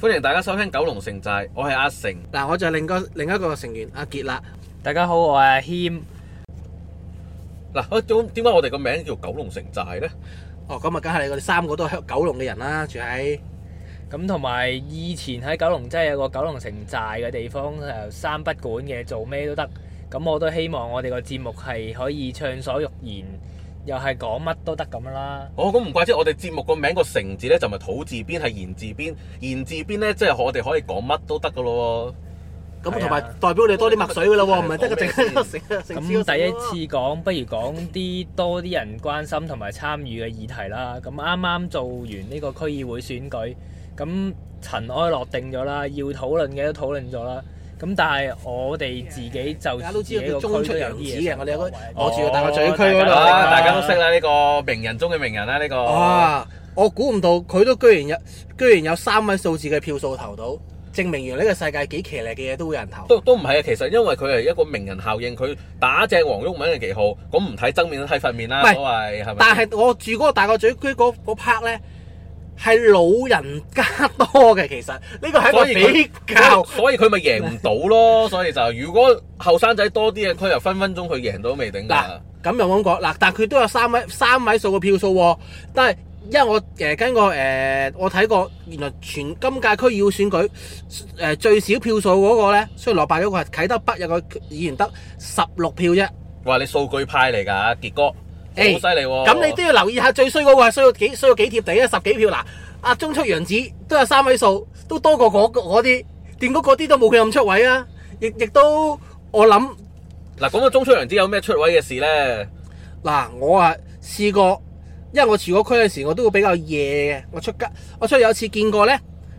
歡迎大家收聽九龍城寨，我係阿成，嗱，我就另個另一個成員阿杰啦。大家好，我係阿謙。嗱，一點解我哋個名叫九龍城寨呢？哦，咁啊，梗係我哋三個都係九龍嘅人啦，住喺，咁，同埋以前喺九龍真係有個九龍城寨嘅地方，誒，三不管嘅，做咩都得。咁我都希望我哋個節目係可以暢所欲言。又係講乜都得咁啦。哦，咁唔怪之，我哋節目個名個成字咧就咪土字邊係言字邊，言字邊咧即係我哋可以講乜都得噶咯。咁同埋代表我哋多啲墨水噶啦喎，唔係得個剩。咁第一次講，不如講啲多啲人關心同埋參與嘅議題啦。咁啱啱做完呢個區議會選舉，咁塵埃落定咗啦，要討論嘅都討論咗啦。咁但係我哋自己就大家都知道佢中出有啲嘢嘅，我哋應該我住個大角咀區嗰度大家都識啦呢個名人中嘅名人啦呢、呢個。哇、啊！我估唔到佢都居然有，居然有三位數字嘅票數投到，證明完呢個世界幾騎呢嘅嘢都會有人投。都都唔係啊，其實因為佢係一個名人效應，佢打正黃毓民嘅旗號，咁唔睇僧面睇份面啦，所謂係。是是但係我住嗰個大角咀區嗰嗰 part 咧。係老人家多嘅，其實呢個係個比較，所以佢咪贏唔到咯。所以就， 所以就如果後生仔多啲嘅，佢又分分鐘佢贏到未頂得。嗱，咁又咁講嗱，但係佢都有三位三位數嘅票數，但係因為我誒、呃、跟過誒、呃、我睇過，原來全今屆區要選舉誒、呃、最少票數嗰、那個咧，雖然落敗咗，佢係啟德北有一個議員得十六票啫。哇，你數據派嚟㗎杰哥？好犀利，咁你都要留意下。 最衰嗰個係衰到幾衰到幾貼地啊，十幾票嗱，阿、啊、中出楊子都有三位數，都多過我我啲，點解嗰啲都冇佢咁出位啊？亦亦都我諗嗱，講到中出楊子有咩出位嘅事咧？嗱、啊，我啊試過，因為我住嗰區嗰時，我都會比較夜嘅，我出街，我出去有次見過咧，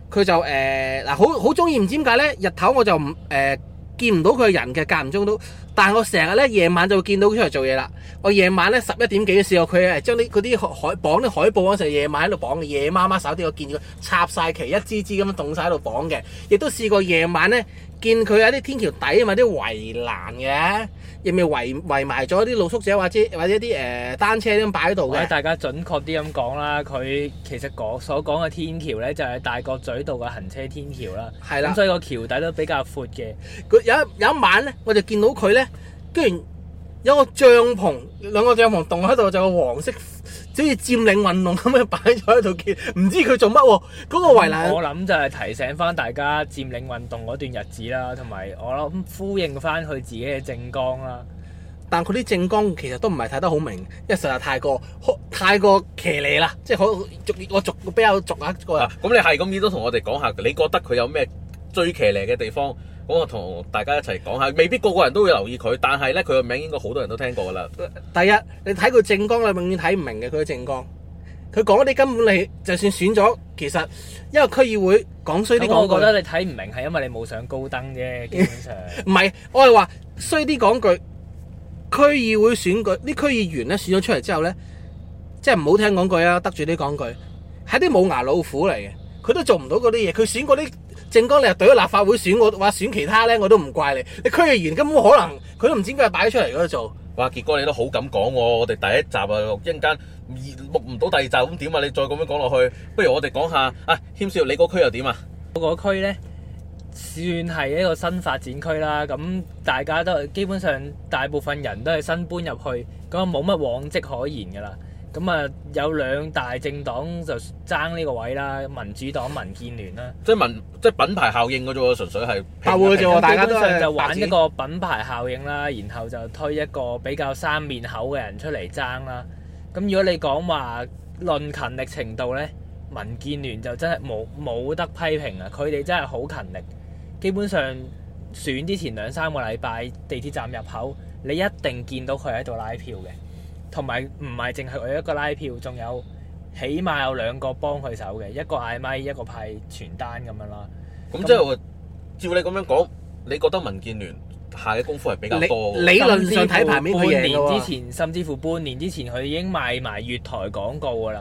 佢就誒嗱、呃、好好中意，唔知點解咧？日頭我就唔誒、呃、見唔到佢人嘅，間唔中都。但係我成日咧夜晚就會見到佢出嚟做嘢啦。我夜晚咧十一點幾嘅時候，佢係將啲啲海綁啲海報嗰陣，夜晚喺度綁嘅夜媽媽手啲，我見佢插晒旗一支支咁樣棟晒喺度綁嘅。亦都試過夜晚咧見佢喺啲天橋底啊嘛啲圍欄嘅，係咪圍圍埋咗啲露宿者或者或者啲誒、呃、單車咁擺喺度嘅？大家準確啲咁講啦，佢其實講所講嘅天橋咧就係大角咀道嘅行車天橋啦。係啦的，所以個橋底都比較闊嘅。佢有有，有一晚咧，我就見到佢咧。居然有個帳篷，兩個帳篷棟喺度，就是、個黃色，好、就、似、是、佔領運動咁樣擺咗喺度，見唔知佢做乜喎？嗰、那個圍欄、嗯、我諗就係提醒翻大家佔領運動嗰段日子啦，同埋我諗呼應翻佢自己嘅政綱啦。但佢啲政綱其實都唔係睇得好明，因為實在太過太過騎呢啦，即係好逐我逐比較逐一個。咁、啊、你係咁，亦都同我哋講下，你覺得佢有咩最騎呢嘅地方？我同大家一齊講下，未必個個人都會留意佢，但係咧佢個名應該好多人都聽過噶啦。第一，你睇佢政綱，你永遠睇唔明嘅佢嘅政綱。佢講啲根本你就算選咗，其實因為區議會講衰啲講句，我覺得你睇唔明係因為你冇上高登啫，基本上。唔係， 我係話衰啲講句，區議會選舉啲區議員咧選咗出嚟之後咧，即係唔好聽講句啊，得罪啲講句，係啲冇牙老虎嚟嘅。佢都做唔到嗰啲嘢，佢選嗰啲政綱，你又對咗立法會選我話選其他咧，我都唔怪你。你區議員根本可能佢都唔知點解擺咗出嚟嗰度做。哇！傑哥你都好敢講喎、哦，我哋第一集啊一陣間錄唔到第二集咁點啊？你再咁樣講落去，不如我哋講下啊，謙少你嗰區又點啊？我嗰區咧算係一個新發展區啦，咁大家都基本上大部分人都係新搬入去，咁就冇乜往績可言㗎啦。咁啊，有兩大政黨就爭呢個位啦，民主黨、民建聯啦。即係民，即係品牌效應嗰啫喎，純粹係。白喎，就基本上就玩一個品牌效應啦，子然後就推一個比較生面口嘅人出嚟爭啦。咁如果你講話論勤力程度咧，民建聯就真係冇冇得批評啊！佢哋真係好勤力，基本上選之前兩三個禮拜地鐵站入口，你一定見到佢喺度拉票嘅。同埋唔係淨係佢一個拉票，仲有起碼有兩個幫佢手嘅，一個嗌咪，一個派傳單咁樣啦。咁即係我照你咁樣講，你覺得民建聯下嘅功夫係比較多理。理論上睇牌面，半年之前，嘅話甚至乎半年之前，佢已經賣埋月台廣告㗎喇，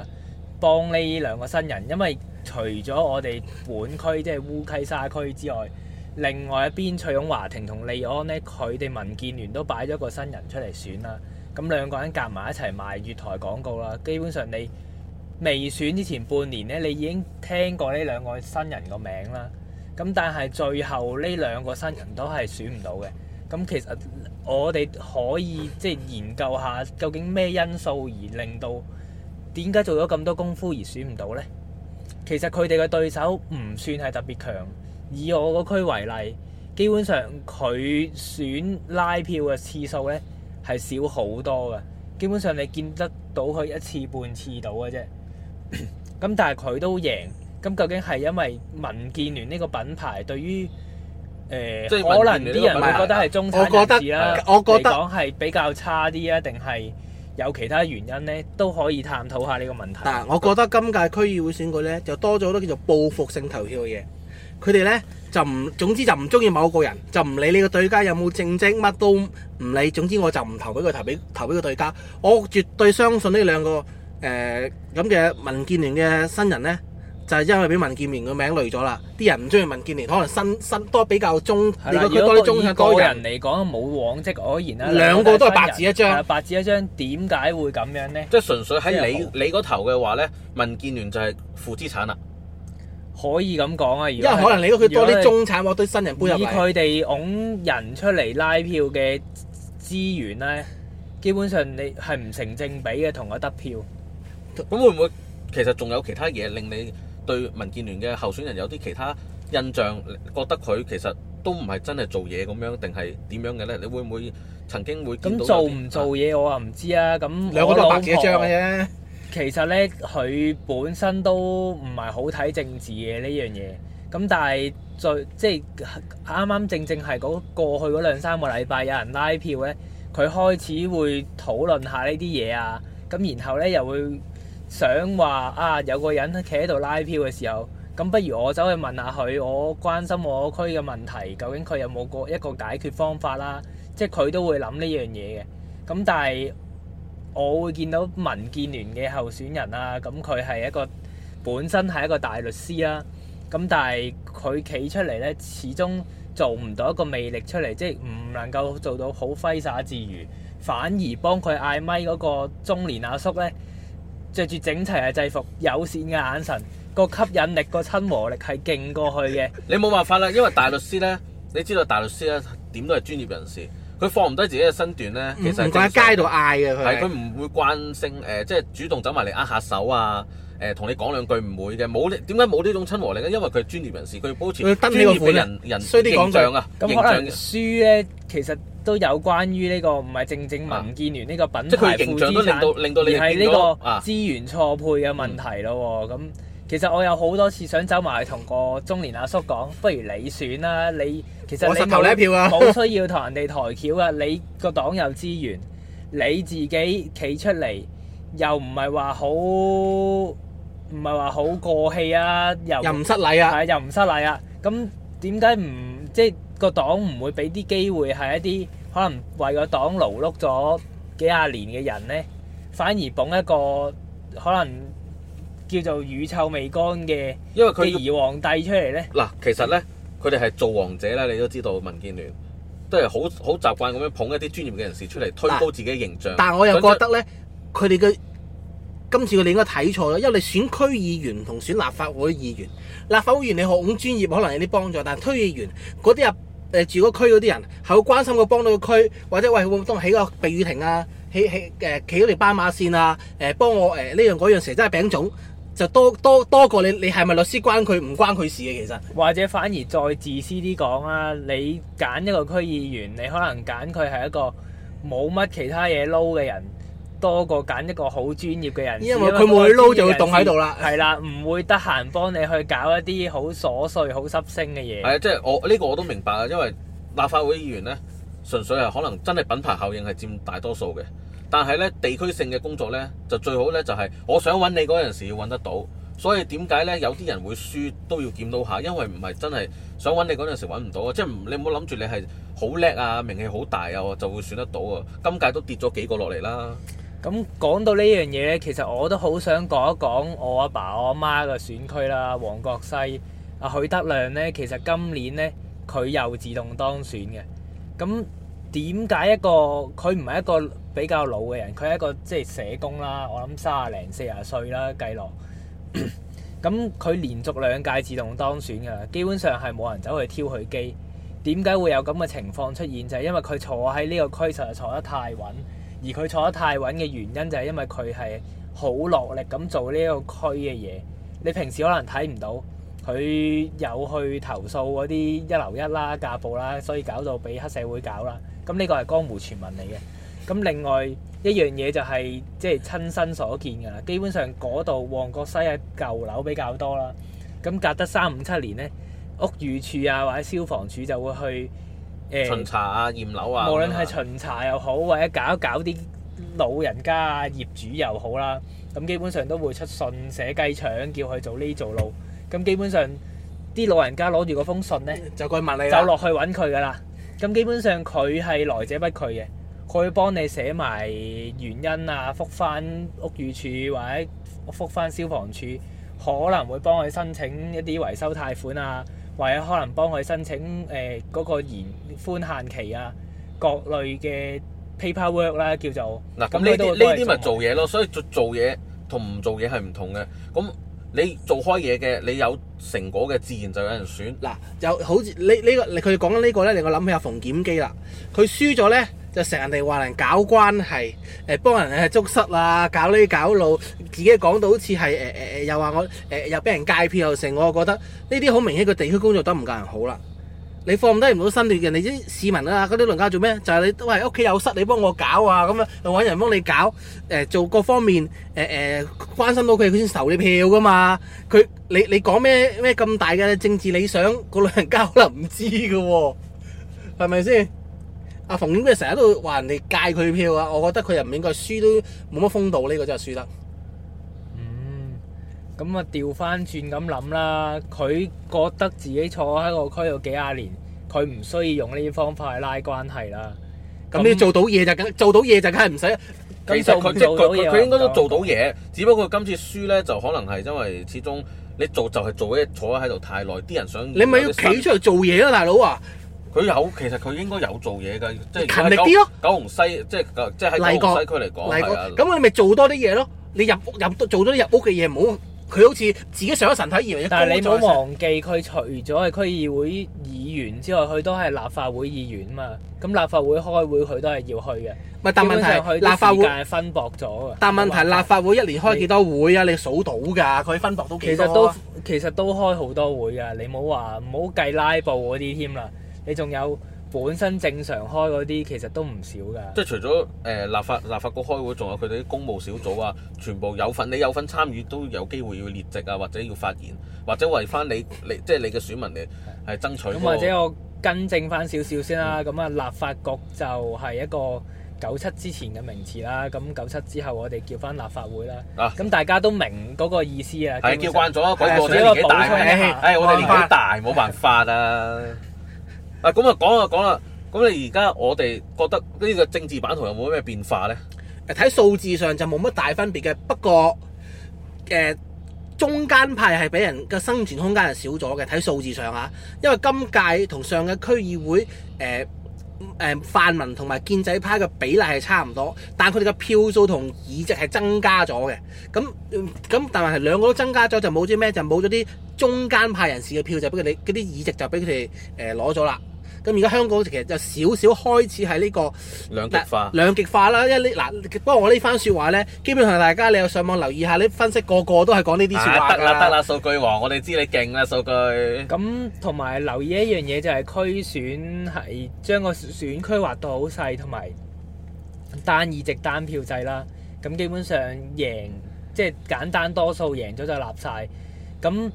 幫呢兩個新人。因為除咗我哋本區即係烏溪沙區之外，另外一邊翠擁華庭同利安呢，佢哋民建聯都擺咗個新人出嚟選啦。咁兩個人夾埋一齊賣月台廣告啦，基本上你未選之前半年咧，你已經聽過呢兩個新人個名啦。咁但係最後呢兩個新人都係選唔到嘅。咁其實我哋可以即係研究下究竟咩因素而令到點解做咗咁多功夫而選唔到呢？其實佢哋嘅對手唔算係特別強。以我個區為例，基本上佢選拉票嘅次數呢。係少好多嘅，基本上你見得到佢一次半次到嘅啫。咁 但係佢都贏，咁究竟係因為民建聯呢個品牌對於誒，呃、可能啲人會覺得係中產人士啦。我覺得講係比較差啲啊，定係有其他原因咧，都可以探討下呢個問題。但，我覺得今屆區議會選舉咧，就多咗好多叫做報復性投票嘅嘢，佢哋咧。就唔，總之就唔中意某個人，就唔理你個對家有冇政績，乜都唔理。總之我就唔投俾佢，投俾投俾個對家。我絕對相信呢兩個誒咁嘅民建聯嘅新人咧，就係、是、因為俾民建聯個名累咗啦。啲人唔中意民建聯，可能新新多比較中，因為佢多啲中。個人嚟講，冇人往績可言啦、啊。兩個都係白紙一張。白紙一張，點解會咁樣咧？即係純粹喺你你嗰頭嘅話咧，民建聯就係負資產啦。可以咁講啊，如果因為可能你都佢多啲中產喎，啲新人搬入以佢哋拱人出嚟拉票嘅資源咧，基本上你係唔成正比嘅同佢得票。咁、嗯、會唔會其實仲有其他嘢令你對民建聯嘅候選人有啲其他印象？覺得佢其實都唔係真係做嘢咁樣，定係點樣嘅咧？你會唔會曾經會咁、嗯、些做唔做嘢？我啊唔知啊，咁兩個都白紙一張嘅啫。其實咧，佢本身都唔係好睇政治嘅呢樣嘢。咁但係最即係啱啱正正係嗰過去嗰兩三個禮拜有人拉票咧，佢開始會討論下呢啲嘢啊。咁然後咧又會想話啊，有個人企喺度拉票嘅時候，咁不如我走去問下佢，我關心我區嘅問題究竟佢有冇個一個解決方法啦。即係佢都會諗呢樣嘢嘅。咁但係。我會見到民建聯嘅候選人啊，咁佢係一個本身係一個大律師啦，啊，咁但係佢企出嚟呢，始終做唔到一個魅力出嚟，即係唔能夠做到好揮灑自如，反而幫佢嗌咪嗰個中年阿叔呢，着住整齊嘅制服，友善嘅眼神，個吸引力，個親和力係勁過佢嘅。 你冇辦法啦，因為大律師呢，你知道大律師呢點都係專業人士。佢放唔低自己嘅身段咧，其實唔在街度嗌嘅佢，係佢唔會慣性，誒、呃，即係主動走埋嚟握下手啊，誒同你講兩句唔會嘅，冇點解冇呢種親和力咧？因為佢係專業人士，佢保持專業嘅人人，人講形象啊。咁可能書咧其實都有關於呢個唔係正正民建聯呢個品牌，啊、形象都令到令到你係呢個資源錯配嘅問題咯，啊。咁、嗯嗯、其實我有好多次想走埋去同個中年阿叔講，不如你選啦，你。你其實你冇需要同人哋抬轎啊！ 你個黨有資源，你自己企出嚟，又唔係話好唔係話好過氣啊！又又唔失禮啊！又唔失禮啊！咁點解唔即係個黨唔會俾啲機會係一啲可能為個黨勞碌咗幾廿年嘅人咧？反而捧一個可能叫做乳臭未乾嘅因佢兒皇帝出嚟咧？嗱，其實咧。佢哋係做王者啦，你都知道，民建聯都係好好習慣咁樣捧一啲專業嘅人士出嚟推高自己形象。但係我又覺得咧，佢哋嘅今次嘅你應該睇錯啦，因為你選區議員同選立法會議員，立法會議員你學咁專業可能有啲幫助，但係推議員嗰啲，呃、人誒住個區嗰啲人係好關心我幫到個區，或者喂我幫我起個避雨亭啊，起起誒起嗰條斑馬線啊，誒幫我誒呢、呃這個、樣嗰樣成真係餅種。就多多多過你，你係咪律師關佢唔關佢事嘅，其實，或者反而再自私啲講啊，你揀一個區議員，你可能揀佢係一個冇乜其他嘢撈嘅人，多過揀一個好專業嘅人。因為佢冇嘢撈就會凍喺度啦，係啦，唔會得閒幫你去搞一啲好瑣碎、好濕聲嘅嘢。係啊，即係我呢個我都明白啊，因為立法會議員咧，純粹係可能真係品牌效應係佔大多數嘅。但係咧，地區性嘅工作咧，就最好咧，就係、是、我想揾你嗰陣時要揾得到。所以點解咧，有啲人會輸都要見到下，因為唔係真係想揾你嗰陣時揾唔到啊！即係唔你唔好諗住你係好叻啊、名氣好大啊，就會選得到啊！今屆都跌咗幾個落嚟啦。咁講到呢樣嘢咧，其實我都好想講一講我阿爸，爸、我阿媽嘅選區啦。黃國西啊，許德亮咧，其實今年咧佢又自動當選嘅。咁點解一個佢唔係一個，比較老嘅人，佢係一個即係社工啦。我諗三十零四十歲啦，計落咁，佢 連續兩屆自動當選嘅，基本上係冇人走去挑佢機。點解會有咁嘅情況出現？就係因為佢坐喺呢個區實係坐得太穩，而佢坐得太穩嘅原因就係因為佢係好落力咁做呢個區嘅嘢。你平時可能睇唔到佢有去投訴嗰啲一流一啦、架步啦，所以搞到俾黑社會搞啦。咁呢個係江湖傳聞嚟嘅。咁另外一樣嘢就係即係親身所見㗎啦。基本上嗰度旺角西嘅舊樓比較多啦。咁隔得三五七年咧，屋宇署啊，或者消防處就會去誒巡查啊、驗樓啊。無論係巡查又好，或者搞搞啲老人家業主又好啦，咁基本上都會出信寫雞腸叫佢做呢做路。咁基本上啲老人家攞住嗰封信咧，就佢問你啦，就落去揾佢㗎啦。咁基本上佢係來者不拒嘅。佢會幫你寫埋原因啊，覆翻屋宇署或者覆翻消防署，可能會幫佢申請一啲維修貸款啊，或者可能幫佢申請誒嗰、呃那個延寬限期啊，各類嘅 paperwork 啦、啊，叫做嗱，咁呢度呢啲咪做嘢咯，所以做嘢同唔做嘢係唔同嘅。咁你做開嘢嘅，你有成果嘅，自然就有人選嗱。又好似你呢、呢個，佢講緊呢個咧，令我諗起阿馮檢基啦，佢輸咗咧。成日哋話人，人搞關係，誒幫人誒捉虱啊，搞呢搞老，自己講到好似係誒誒誒，又話我誒、呃、又俾人戒票又成，我覺得呢啲好明顯個地區工作得唔夠人好啦。你放低唔到身段嘅，人哋啲市民啊，嗰啲老人家做咩？就係、是、你都係屋企有虱，你幫我搞啊咁樣，又揾人幫你搞誒、呃、做各方面誒誒、呃呃、關心到佢，佢先投你票噶嘛。佢你你講咩咩咁大嘅政治理想，個老人家可能唔知噶喎、啊，係咪先？阿馮點咩成日都話人哋戒佢票啊，我覺得佢入面個輸都冇乜風度，呢、這個真係輸得。嗯，咁啊調翻轉咁諗啦，佢覺得自己坐喺個區度幾廿年，佢唔需要用呢啲方法去拉關係啦。咁你做到嘢就咁，做到嘢就梗係唔使。做到其實佢佢佢應該都做到嘢，不只不過今次輸咧就可能係因為始終你做就係做嘢，坐喺度太耐，啲人想你咪要企出嚟做嘢啊，大佬啊！佢有，其實佢應該有做嘢㗎，即係勤力啲咯，啊。九龍西即係即係喺個西區嚟講，咁過、啊、你咪做多啲嘢咯。你入屋，入做多啲入屋嘅嘢，唔好佢好似自己上咗神體以為但是了。但係你冇忘記佢除咗係區議會議員之外，佢都係立法會議員嘛。咁立法會開會佢都係要去嘅。咪但問題立法會係分薄咗。但問題、立法、但問題立法會一年開幾多會啊？你，你數到㗎，佢分薄都、啊、其實都其實都開好多會㗎。你冇話唔好計拉布嗰啲添啦。你仲有本身正常開嗰啲，其實都唔少㗎。即係除咗誒立法立法局開會，仲有佢哋啲公務小組啊，全部有份，你有份參與都有機會要列席啊，或者要發言，或者為返你你即係、就是、你嘅選民嚟係爭取、那個。咁或者我更正返少少先啦。咁啊、嗯，立法局就係一個九七之前嘅名詞啦。咁九七之後，我哋叫返立法會啦。咁、啊、大家都明嗰個意思啊。係叫慣咗，鬼咁、啊大，哎、大。我哋年紀大，冇辦法啊。嗱，咁啊講啊講啊，咁你而家我哋覺得呢個政治版圖有冇咩變化呢？誒，睇數字上就冇乜大分別嘅，不過誒、呃、中間派系俾人嘅生存空間係少咗嘅，睇數字上啊，因為今屆同上嘅區議會誒。呃誒泛民同埋建制派嘅比例係差唔多，但係佢哋嘅票數同議席係增加咗嘅。咁咁，但係兩個都增加咗，就冇咗咩，就冇咗啲中間派人士嘅票，就俾佢哋，嗰啲議席就俾佢哋誒攞咗啦。呃咁而家香港其實就少少開始係呢、這個兩極化兩極化啦，一呢嗱，不過我番呢番説話咧，基本上大家你有上網留意下，你分析個個都係講呢啲説話。得啦得啦，數據王，我哋知你勁啦，數據。咁同埋留意一樣嘢就係、是、區選係將個選區劃到好細，同埋單議席單票制啦。咁基本上贏即係、就是、簡單多數贏咗就立晒。咁。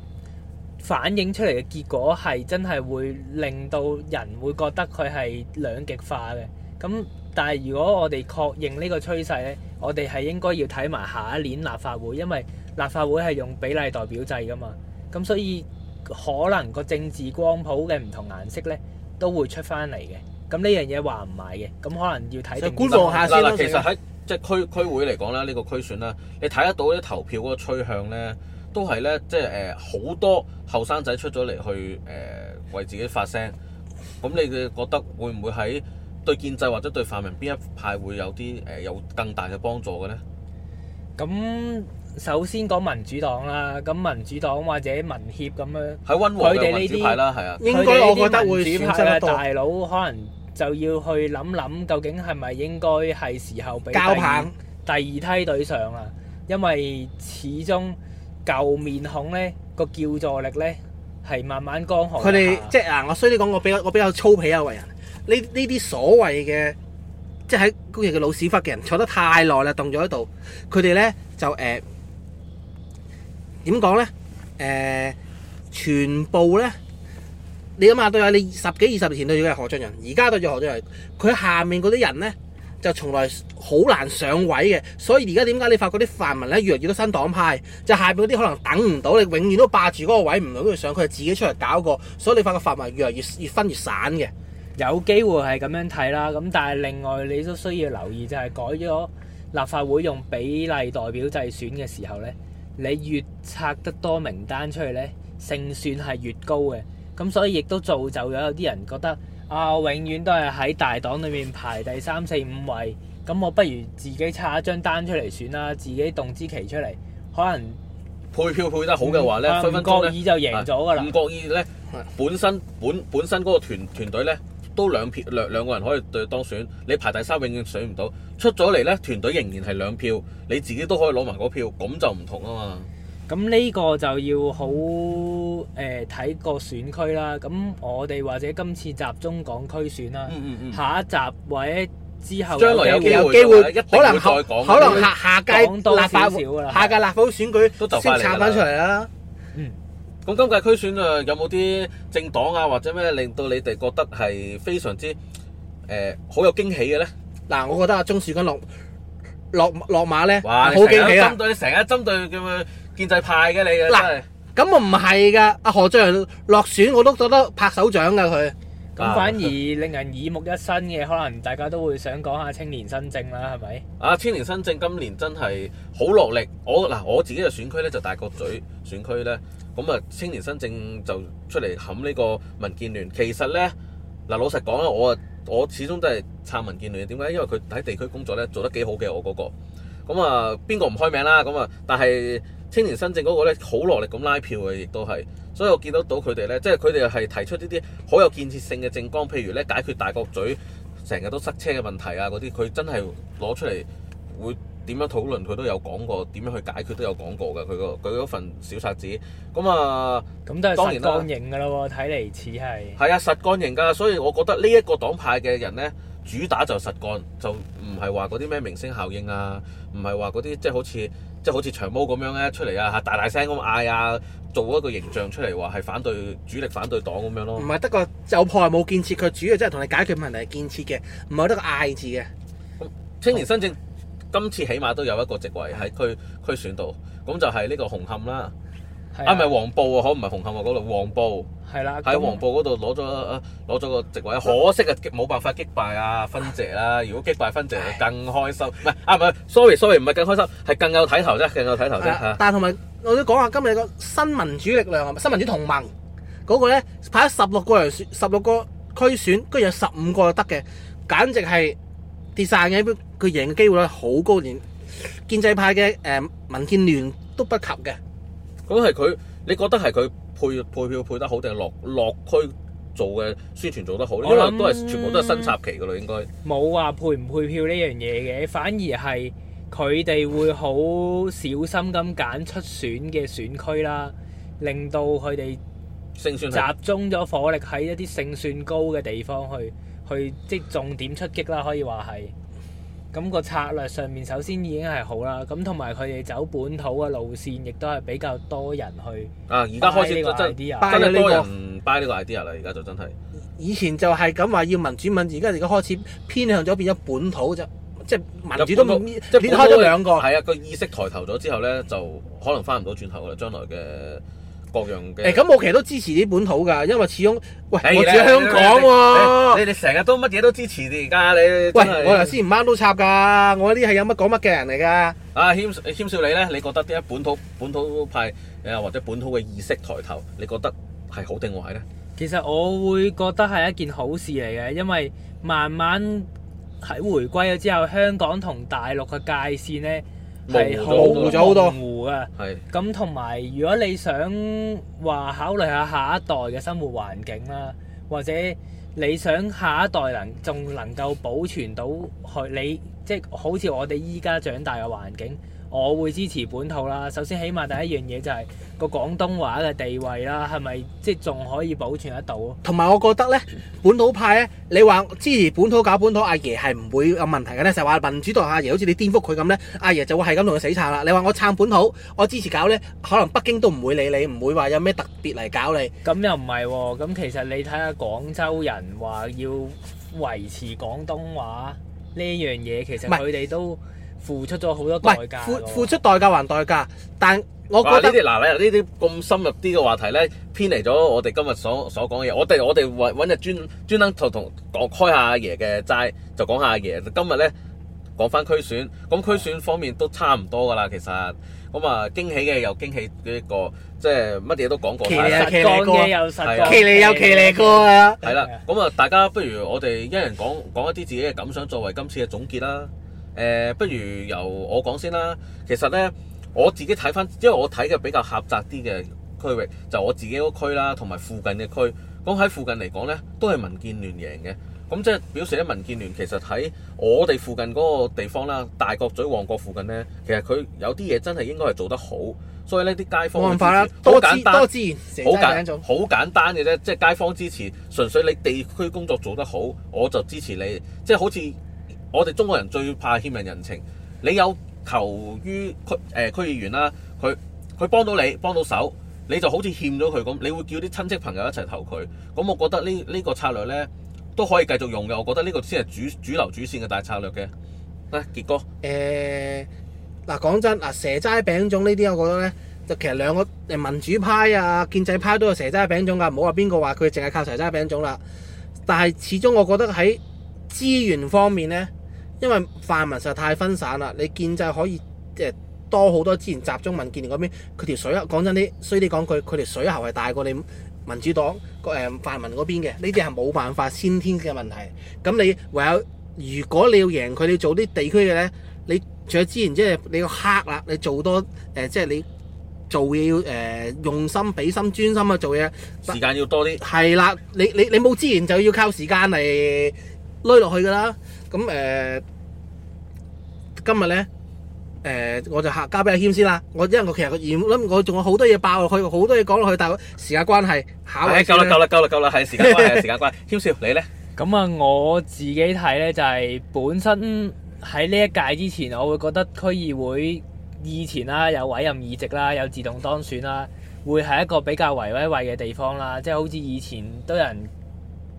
反映出嚟嘅結果係真係會令到人會覺得佢係兩極化嘅。咁但係如果我哋確認呢個趨勢呢，我哋係應該要睇埋下一年立法會，因為立法會係用比例代表制噶嘛。咁所以可能個政治光譜嘅唔同顏色呢都會出翻嚟嘅。咁呢樣嘢話唔埋嘅，咁可能要睇。所以觀望下啦。其實喺即係區區會嚟講啦，呢個區選啦，你睇得到啲投票嗰個趨向呢。都係咧，即係誒好多後生仔出咗嚟去誒為自己發聲。咁你哋覺得會唔會喺對建制或者對泛民邊一派會有啲誒有更大嘅幫助嘅咧？咁首先講民主黨啦，咁民主黨或者民協咁樣，喺溫和嘅民主派啦，係啊。應該我覺得會選大佬，可能就要去諗諗究竟係咪應該係時候俾交棒第二梯隊上啦，因為始終。舊面孔咧，個叫助力咧，係慢慢江河。佢哋即係啊！我衰啲講，我比較我比較粗鄙啊，為人呢，呢啲所謂嘅，即係喺高地嘅老屎忽嘅人，坐得太耐啦，凍咗喺度，佢哋咧就誒，點講咧？誒、呃，全部咧，你諗下都係你十幾二十年前對住嘅何俊仁，而家對住何俊仁。佢下面嗰啲人咧，就從來好難上位嘅，所以而家點解你發覺啲泛民咧，越嚟越多新黨派，就下邊嗰啲可能等唔到，你永遠都霸住嗰個位唔到佢上，佢係自己出嚟搞過，所以你發覺泛民越嚟越越分越散嘅。有機會係咁樣睇啦，咁但係另外你都需要留意就係改咗立法會用比例代表制選嘅時候咧，你越拆得多名單出去咧，勝算係越高嘅，咁所以亦都造就咗有啲人覺得。啊！我永遠都係喺大黨裏面排第三四五位，咁我不如自己拆一張單出嚟選啦，自己動之旗出嚟，可能配票配得好嘅話呢，分分鐘唔覺意就贏咗噶啦。唔覺意咧，本身本，本身嗰個團團隊咧都兩票兩兩個人可以對當選，你排第三永遠選唔到出咗嚟，呢團隊仍然係兩票，你自己都可以攞埋嗰票，咁就唔同啊嘛。咁呢個就要好誒睇個選區啦。咁我哋或者今次集中講區選啦，嗯嗯嗯下一集或者之後將來有機會，會機會一定會再講可。可能下下屆立法會，點點啦下屆立法選舉先插翻出嚟啦。嗯，咁今屆區選啊，有冇啲政黨啊或者咩令到你哋覺得係非常之誒、呃、好有驚喜嘅咧？嗱，我覺得阿鍾樹根落落落馬咧，好哇驚喜啊！成日針對叫建制派嘅你嘅，嗱咁我唔係噶，阿何俊仁落選，我都覺得拍手掌噶佢。咁、啊、反而令人耳目一新嘅，可能大家都會想講下青年新政啦，係咪？啊，青年新政今年真係好落力。我嗱我自己嘅選區咧就大角咀選區咧，咁啊青年新政就出嚟冚呢個民建聯。其實咧嗱、啊、老實講啦，我啊，我始終都係撐民建聯。點解？因為佢喺地區工作咧做得幾好嘅，我嗰個。咁啊邊個唔開名啦？咁啊但係。青年新政嗰個咧，好落力咁拉票嘅，亦都係，所以我見得到佢哋咧，即係佢哋係提出呢啲好有建設性嘅政綱，譬如咧解決大角咀成日都塞車嘅問題啊，嗰啲佢真係攞出嚟會點樣討論，佢都有講過，點樣去解決都有講過㗎。佢個佢份小冊子，咁啊，都當然啦，實幹型㗎啦喎，睇嚟似係係啊，實幹型㗎，所以我覺得呢一個黨派嘅人咧，主打就實幹，就唔係話嗰啲咩明星效應啊，唔係話嗰啲即係好似。即係好似長毛咁樣咧，出嚟啊，大大聲咁嗌啊，做一個形象出嚟話係反對主力，反對黨咁樣咯。唔係得個有破冇建設，佢主要真係同你解決問題、建設嘅，唔係得個嗌字嘅。青年新政今次起碼都有一個席位喺區區選度，咁就係呢個紅磡啦。啊，係咪黃埔啊，可唔係紅磡喎？嗰度黃埔，係啦、那個，喺黃埔嗰度攞咗攞咗個席位。可惜啊，冇辦法擊敗啊，芬姐啦。如果擊敗芬姐，更開心。唔係唉啊，唔係。Sorry，Sorry，唔係更開心，係更有睇頭啫，更有睇頭啫、啊、但係同埋我都講下今日個新民主力量係咪？新民主同盟嗰、那個咧，派咗十六個人選，十六個區選，居然有十五個就得嘅，簡直係跌曬嘅。佢贏嘅機會咧，好高，連建制派嘅誒民建聯都不及嘅。咁係佢，你覺得係佢配配票配得好定係落落區做嘅宣傳做得好？可能都係全部都係新插旗㗎啦，應該、嗯。冇話配唔配票呢樣嘢嘅，反而係佢哋會好小心咁揀出選嘅選區啦，令到佢哋勝算集中咗火力喺一啲勝算高嘅地方去，去即重點出擊啦，可以話係。咁個策略上面首先已經係好啦，咁同埋佢哋走本土嘅路線，亦都係比較多人去啊。而家開始、就係、buy 真係多人 buy 呢個 idea 啦。而家就真係以前就係咁話要民主問，而家而家開始偏向咗變咗本土就即係民主都即係開咗兩個。係啊，個意識抬頭咗之後咧，就可能翻唔到轉頭啦。將來嘅。各樣嘅，誒咁、欸、我其實都支持啲本土噶，因為始終，喂，呢我住香港喎、啊，你哋成日都乜嘢都支持你，而家你，喂，我頭先唔啱都插噶，我呢係有乜講乜嘅人嚟噶。啊，謙謙少你咧，你覺得啲本土本土派誒或者本土嘅意識抬頭，你覺得係好定壞咧？其實我會覺得係一件好事嚟嘅，因為慢慢喺回歸咗之後，香港同大陸嘅界線咧。係保護咗好多，保護啊！咁同埋，如果你想話考慮下下一代嘅生活環境啦，或者你想下一代能仲能夠保存到去你，即係好似我哋依家長大嘅環境。我會支持本土啦，首先起碼第一樣嘢就係個廣東話嘅地位啦，係咪即係仲可以保存得到？同埋我覺得呢，本土派呢，你話支持本土搞本土，阿爺係唔會有問題嘅呢，就係話民主黨阿爺好似你顛覆佢咁呢，阿爺就會係咁同佢死撐啦。你話我撐本土，我支持搞呢，可能北京都唔會理你，唔會話有咩特別嚟搞你。咁又唔係喎，咁其實你睇下廣州人話要維持廣東話呢樣嘢，其實佢哋都。付出咗好多代，代價，付出代價還代價，但我覺得呢啲嗱，呢啲咁深入啲嘅話題咧，偏離咗我哋今日所所講嘅嘢。我哋我哋搵日專專登就同講開下阿爺嘅齋，就講下阿爺。今日咧講返區選，咁區選方面都差唔多噶啦。其實咁啊，驚喜嘅又驚喜，呢一個即係乜嘢都講過。其實講嘢有實，奇離有奇離哥啊。係啦了，咁啊，了了大家不如我哋一人講講一啲自己嘅感想，作為今次嘅總結啦。誒、呃，不如由我講先啦。其實呢，我自己睇翻，因為我睇嘅比較狹窄啲嘅區域，就我自己嗰區啦，同埋附近嘅區。咁喺附近嚟講呢，都係民建聯贏嘅。咁即係表示咧，民建聯其實喺我哋附近嗰個地方啦，大角咀旺角附近呢，其實佢有啲嘢真係應該係做得好。所以呢啲街坊做法都好簡單，好簡單嘅啫，即係街坊支持，純粹你地區工作做得好，我就支持你。即係好似。我哋中國人最怕欠人人情，你有求於區誒、呃、區議員啦，佢佢幫到你幫到手，你就好似欠咗佢咁，你會叫啲親戚朋友一齊投佢。咁我覺得呢呢、呢個策略呢都可以繼續用嘅，我覺得呢個先係主主流主線嘅大策略嘅。啊，傑哥，誒嗱講真嗱蛇齋餅種呢啲，我覺得呢，就其實兩個民主派啊建制派都有蛇齋餅種㗎，唔好話邊個話佢淨係靠蛇齋餅種啦。但係始終我覺得喺資源方面呢。因為泛民實在太分散啦，你建制可以誒多好多資源集中民建聯嗰邊，佢條水、水喉講真啲，所以你講句，佢條水喉係大過你民主黨個誒、呃、泛民嗰邊嘅，呢啲係冇辦法先天嘅問題。咁你唯有如果你要贏佢，你要做啲地區嘅咧，你除咗資源，即係你要黑啦，你做多誒、呃、即係你做嘢要誒、呃、用心、俾心、專心去做嘢。時間要多啲。係啦，你你你冇資源就要靠時間嚟攞落去㗎啦。咁誒。呃呃今日咧，誒、呃、我就交俾阿謙先啦。我因為我其實我我仲有好多嘢爆落去，好多嘢講落去，但係時間關係，考誒啦夠啦夠啦夠啦，係、哎、時間關係，時間關係。 謙少，你咧？咁啊，我自己睇咧就係、是、本身喺呢一屆之前，我會覺得區議會以前啦有委任議席啦，有自動當選啦，會係一個比較維穩位嘅地方啦。即、就、係、是、好似以前都有人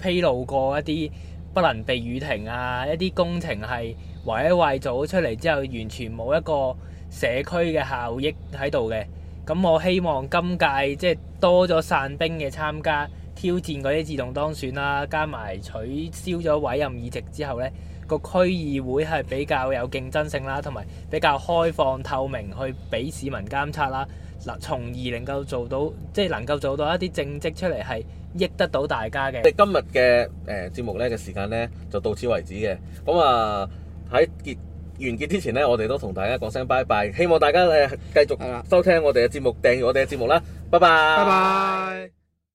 披露過一啲不能避雨亭啊，一啲工程係。或者為做出嚟之後，完全冇一個社區嘅效益喺度嘅。咁我希望今屆即係多咗散兵嘅參加挑戰嗰啲自動當選啦，加埋取消咗委任議席之後呢個區議會係比較有競爭性啦，同埋比較開放透明，去俾市民監察啦，嗱，從而能夠做到即係能夠做到一啲政績出嚟係益得到大家嘅。今日嘅誒、呃、節目呢嘅時間呢，就到此為止嘅咁啊！喺結完結之前呢，我哋都同大家講聲拜拜，希望大家誒、呃、繼續收聽我哋嘅節目，訂閱我哋嘅節目啦，拜拜。拜拜。